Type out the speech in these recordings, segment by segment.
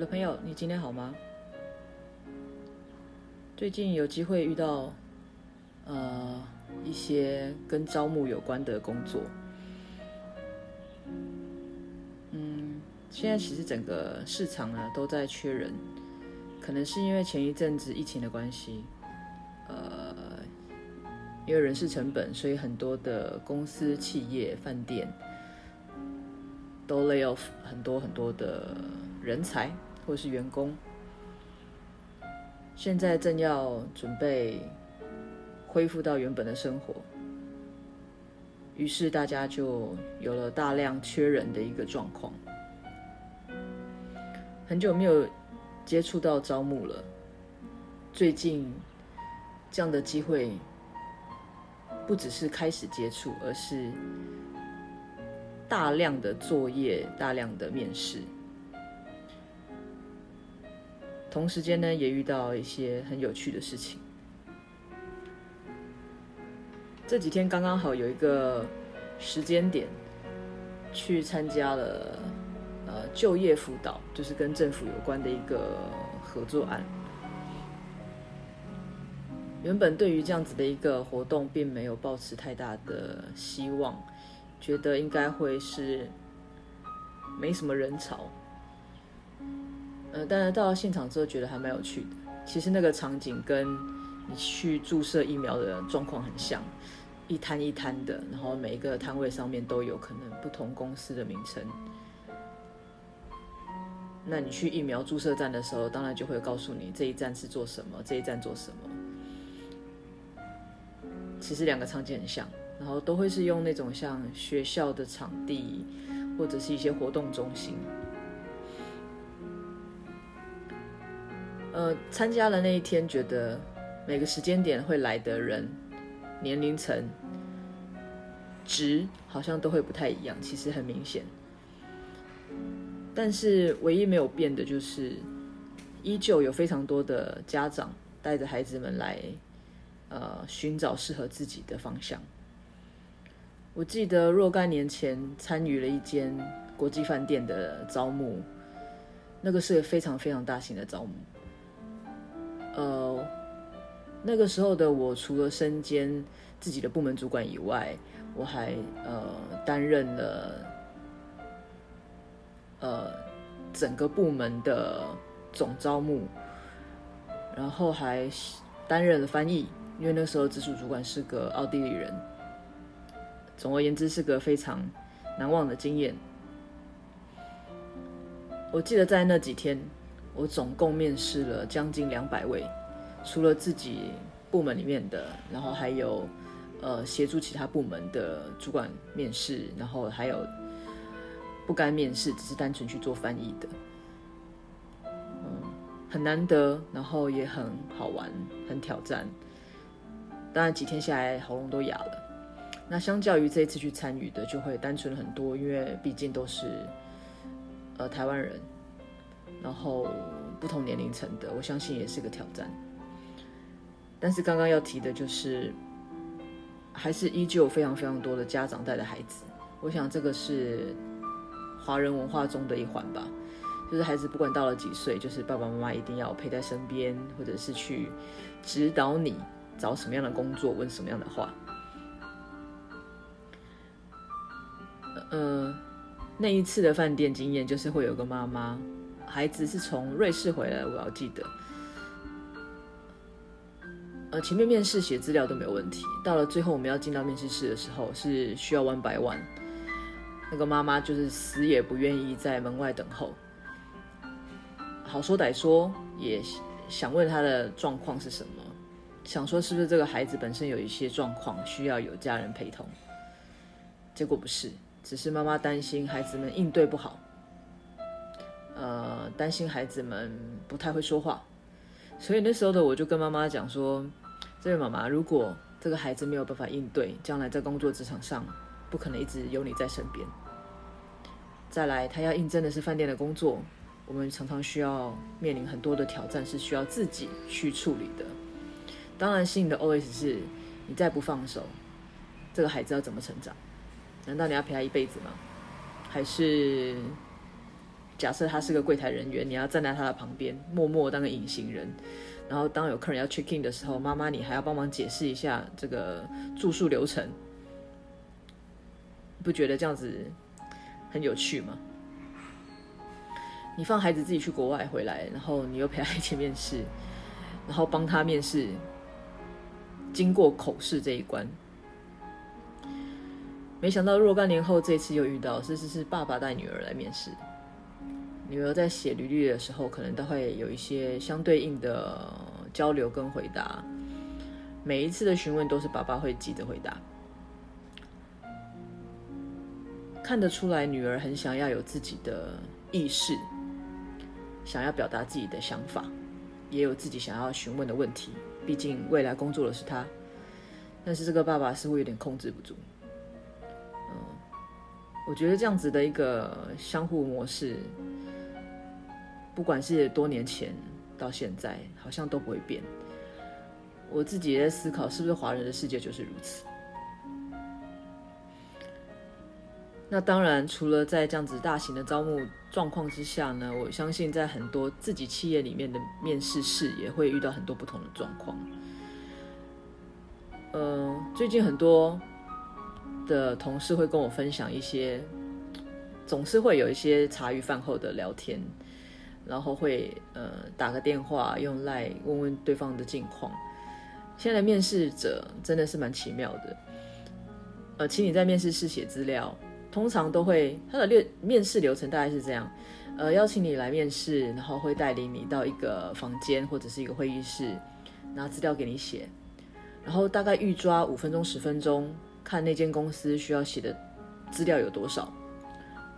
的朋友，你今天好嗎？最近有機會遇到呃一些跟招募有關的工作，嗯，現在其實整個市場呢都在缺人，可能是因為前一陣子疫情的關係，呃，因為人事成本，所以很多的公司、企業、飯店都 lay off 很多很多的人才。或是員工，現在正要準備恢復到原本的生活，於是大家就有了大量缺人的一個狀況。很久沒有接觸到招募了，最近這樣的機會不只是開始接觸，而是大量的作業，大量的面試。同時間呢，也遇到一些很有趣的事情。這幾天剛剛好有一個時間點，去參加了呃就業輔導，就是跟政府有關的一個合作案。原本對於這樣子的一個活動，並沒有抱持太大的希望，覺得應該會是沒什麼人潮。呃、嗯，但是到了現場之後，覺得還蠻有趣的。其實那個場景跟你去注射疫苗的狀況很像，一攤一攤的，然後每一個攤位上面都有可能不同公司的名稱。那你去疫苗注射站的時候，當然就會告訴你這一站是做什麼，這一站做什麼。其實兩個場景很像，然後都會是用那種像學校的場地或者是一些活動中心。呃，參加了那一天，覺得每個時間點會來的人、年齡層、職好像都會不太一樣，其實很明顯。但是唯一沒有變的就是，依舊有非常多的家長帶着孩子們來，呃，尋找適合自己的方向。我記得若干年前參與了一間國際飯店的招募，那個是個非常非常大型的招募。呃，那個時候的我，除了身兼自己的部門主管以外，我還呃擔任了呃整個部門的總招募，然後還擔任了翻譯，因為那時候直屬主管是個奧地利人。總而言之，是個非常難忘的經驗。我記得在那幾天，我總共面試了將近兩百位，除了自己部門裡面的，然後還有，呃，協助其他部門的主管面試，然後還有，不該面試，只是單純去做翻譯的，嗯，很難得，然後也很好玩，很挑戰，當然幾天下來喉嚨都啞了。那相較於這一次去參與的，就會單純很多，因為畢竟都是，呃，台灣人。然後不同年齡層的，我相信也是個挑戰。但是剛剛要提的就是，還是依舊有非常非常多的家長帶着孩子。我想這個是華人文化中的一環吧，就是孩子不管到了幾歲，就是爸爸媽媽一定要陪在身邊，或者是去指導你找什麼樣的工作，問什麼樣的話。呃，那一次的飯店經驗就是會有個媽媽。孩子是從瑞士回來，我要記得。呃，前面面試寫資料都沒有問題，到了最後我們要進到面試室的時候，是需要 one by one。那個媽媽就是死也不願意在門外等候。好說歹說，也想問她的狀況是什麼，想說是不是這個孩子本身有一些狀況，需要有家人陪同。結果不是，只是媽媽擔心孩子們應對不好。擔心孩子們不太會說話，所以那時候的我就跟媽媽講說：“這位媽媽，如果這個孩子沒有辦法應對，將來在工作職場上不可能一直有你在身邊。再來，他要應徵的是飯店的工作，我們常常需要面臨很多的挑戰，是需要自己去處理的。當然，心裡的 OS 是：你再不放手，這個孩子要怎麼成長？難道你要陪他一輩子嗎？還是？”假設他是個櫃檯人員，你要站在他的旁邊，默默當個隱形人，然後當有客人要 check in 的時候，媽媽你還要幫忙解釋一下這個住宿流程，不覺得這樣子很有趣嗎？你放孩子自己去國外回來，然後你又陪他一起面試，然後幫他面試，經過口試這一關，沒想到若干年後這次又遇到，是是是，爸爸帶女兒來面試。女兒在寫履歷的時候，可能都會有一些相對應的交流跟回答。每一次的詢問都是爸爸會急著回答。看得出來，女兒很想要有自己的意識，想要表達自己的想法，也有自己想要詢問的問題。畢竟未來工作的是她，但是這個爸爸似乎有點控制不住。嗯，我覺得這樣子的一個相互模式。不管是多年前到現在，好像都不會變。我自己也在思考，是不是華人的世界就是如此？那當然，除了在這樣子大型的招募狀況之下呢，我相信在很多自己企業裡面的面試室也會遇到很多不同的狀況。嗯、呃，最近很多的同事會跟我分享一些，總是會有一些茶餘飯後的聊天。然後會呃打個電話用 LINE 問問對方的近況。現在的面試者真的是蠻奇妙的，呃，請你在面試室寫資料。通常都會他的面面試流程大概是這樣，呃，邀請你來面試，然後會帶領你到一個房間或者是一個會議室，拿資料給你寫，然後大概預抓五分鐘十分鐘，看那間公司需要寫的資料有多少，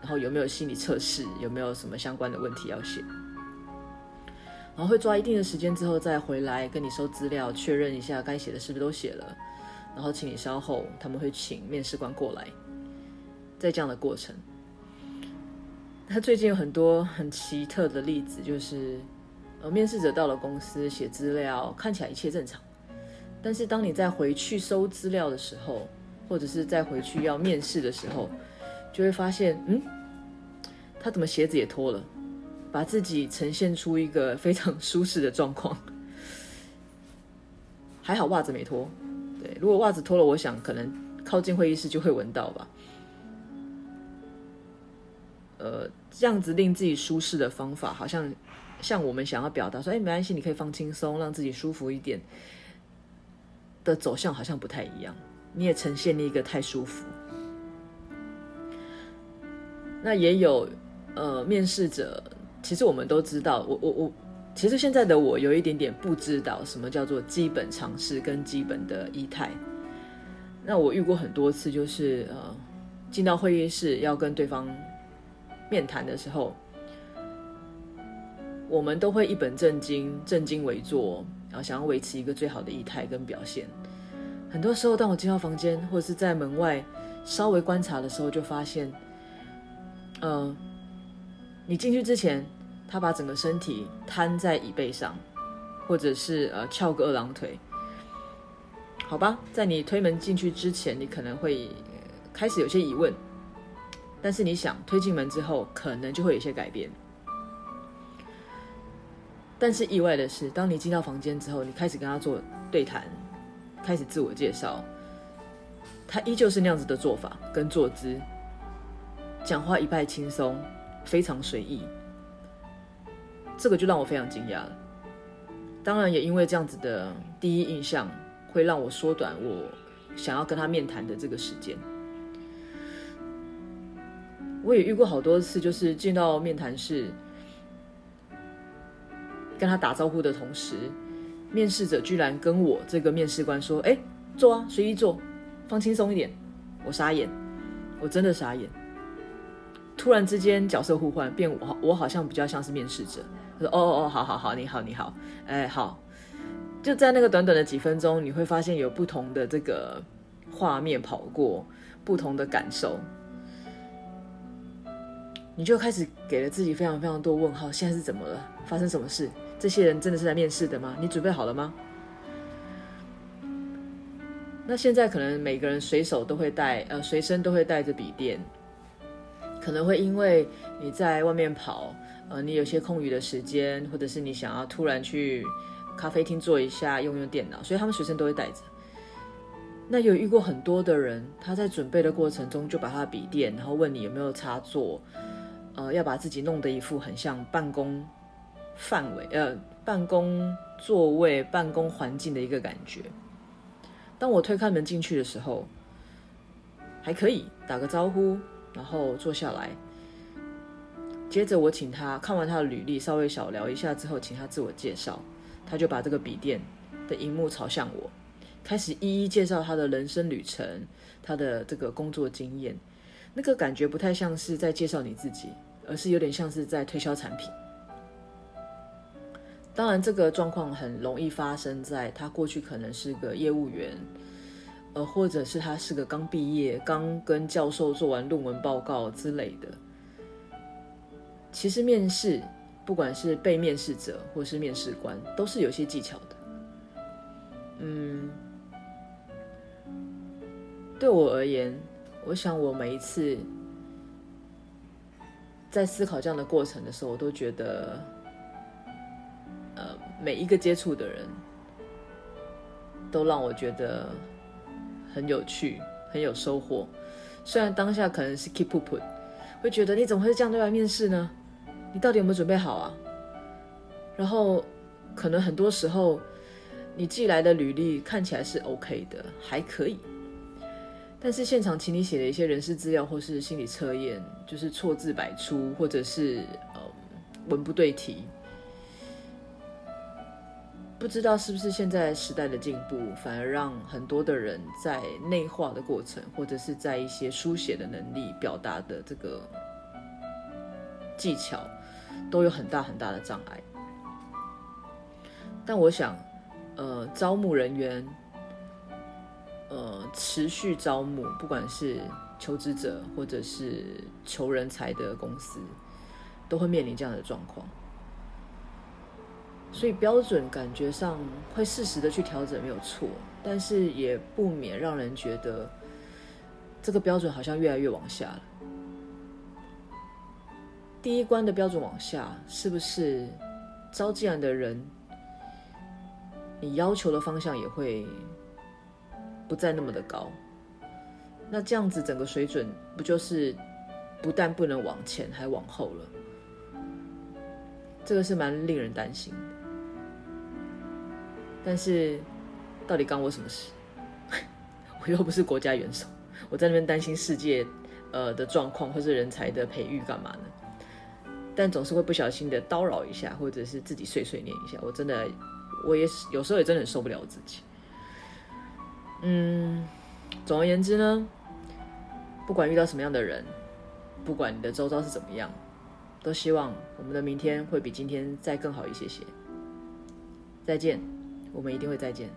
然後有沒有心理測試，有沒有什麼相關的問題要寫。然後會抓一定的時間之後再回來跟你收資料，確認一下該寫的是不是都寫了。然後請你稍後，他們會請面試官過來，在這樣的過程，他最近有很多很奇特的例子，就是呃，面試者到了公司寫資料，看起來一切正常，但是當你再回去收資料的時候，或者是再回去要面試的時候，就會發現，嗯，他怎麼鞋子也脫了？把自己呈現出一個非常舒適的狀況，還好襪子沒脫。對，如果襪子脫了，我想可能靠近會議室就會聞到吧。呃，這樣子令自己舒適的方法，好像像我們想要表達說：“哎，沒關係，你可以放輕鬆，讓自己舒服一點。”的走向好像不太一樣。你也呈現一個太舒服。那也有呃，面試者。其實我們都知道，我我我，其實現在的我有一點點不知道什麼叫做基本常識跟基本的儀態。那我遇過很多次，就是呃，進到會議室要跟對方面談的時候，我們都會一本正經、正襟危坐，然後想要維持一個最好的儀態跟表現。很多時候，當我進到房間或者是在門外稍微觀察的時候，就發現，嗯、呃。你進去之前，他把整個身體癱在椅背上，或者是呃翹個二郎腿，好吧，在你推門進去之前，你可能會、呃、開始有些疑問，但是你想推進門之後，可能就會有些改變，但是意外的是，當你進到房間之後，你開始跟他做對談，開始自我介紹，他依舊是那樣子的做法跟坐姿，講話一派輕鬆。非常隨意，這個就讓我非常驚訝了。當然，也因為這樣子的第一印象，會讓我縮短我想要跟他面談的這個時間。我也遇過好多次，就是進到面談室，跟他打招呼的同時，面試者居然跟我這個面試官說：“哎、欸，坐啊，隨意坐，放輕鬆一點。”我傻眼，我真的傻眼。突然之間，角色互換，變我我好像比較像是面試者。他、就是、說：“哦哦哦，好好好，你好你好，哎好。欸好”就在那個短短的幾分鐘，你會發現有不同的這個畫面跑過，不同的感受，你就開始給了自己非常非常多問號。現在是怎麼了？發生什麼事？這些人真的是在面試的嗎？你準備好了嗎？那現在可能每個人隨手都會帶呃隨身都會帶着筆電。可能會因為你在外面跑，呃，你有些空餘的時間，或者是你想要突然去咖啡廳坐一下，用用電腦，所以他們隨身都會帶着。那有遇過很多的人，他在準備的過程中就把他的筆電，然後問你有沒有插座，呃，要把自己弄得一副很像辦公範圍，呃，辦公座位、辦公環境的一個感覺。當我推開門進去的時候，還可以打個招呼。然後坐下來，接着我請他看完他的履歷，稍微小聊一下之後，請他自我介紹。他就把這個筆電的螢幕朝向我，開始一一介紹他的人生旅程、他的這個工作經驗。那個感覺不太像是在介紹你自己，而是有點像是在推銷產品。當然，這個狀況很容易發生在他過去可能是個業務員。呃，或者是他是個剛畢業、剛跟教授做完論文報告之類的。其實面試，不管是被面試者或是面試官，都是有些技巧的。嗯，對我而言，我想我每一次在思考這樣的過程的時候，我都覺得，呃，每一個接觸的人都讓我覺得。很有趣，很有收穫。雖然當下可能是 keep up up，會覺得你怎麼會這樣對外面試呢？你到底有沒有準備好啊？然後，可能很多時候你寄來的履歷看起來是 OK 的，還可以，但是現場請你寫的一些人事資料或是心理測驗，就是錯字百出，或者是呃文不對題。不知道是不是現在時代的進步，反而讓很多的人在內化的過程，或者是在一些書寫的能力、表達的這個技巧，都有很大很大的障礙。但我想，呃，招募人員，呃，持續招募，不管是求職者或者是求人才的公司，都會面臨這樣的狀況。所以標準感覺上會適時的去調整沒有錯，但是也不免讓人覺得這個標準好像越來越往下了。第一關的標準往下，是不是招進來的人？你要求的方向也會不再那麼的高？那這樣子整個水準不就是不但不能往前，還往後了？這個是蠻令人擔心。但是，到底干我什麼事？ 我又不是國家元首，我在那邊擔心世界，呃的狀況或是人才的培育幹嘛呢？但總是會不小心的叨擾一下，或者是自己碎碎念一下，我真的，我也有時候也真的很受不了我自己。嗯，總而言之呢，不管遇到什麼樣的人，不管你的周遭是怎麼樣，都希望我們的明天會比今天再更好一些些。再見。我們一定會再見。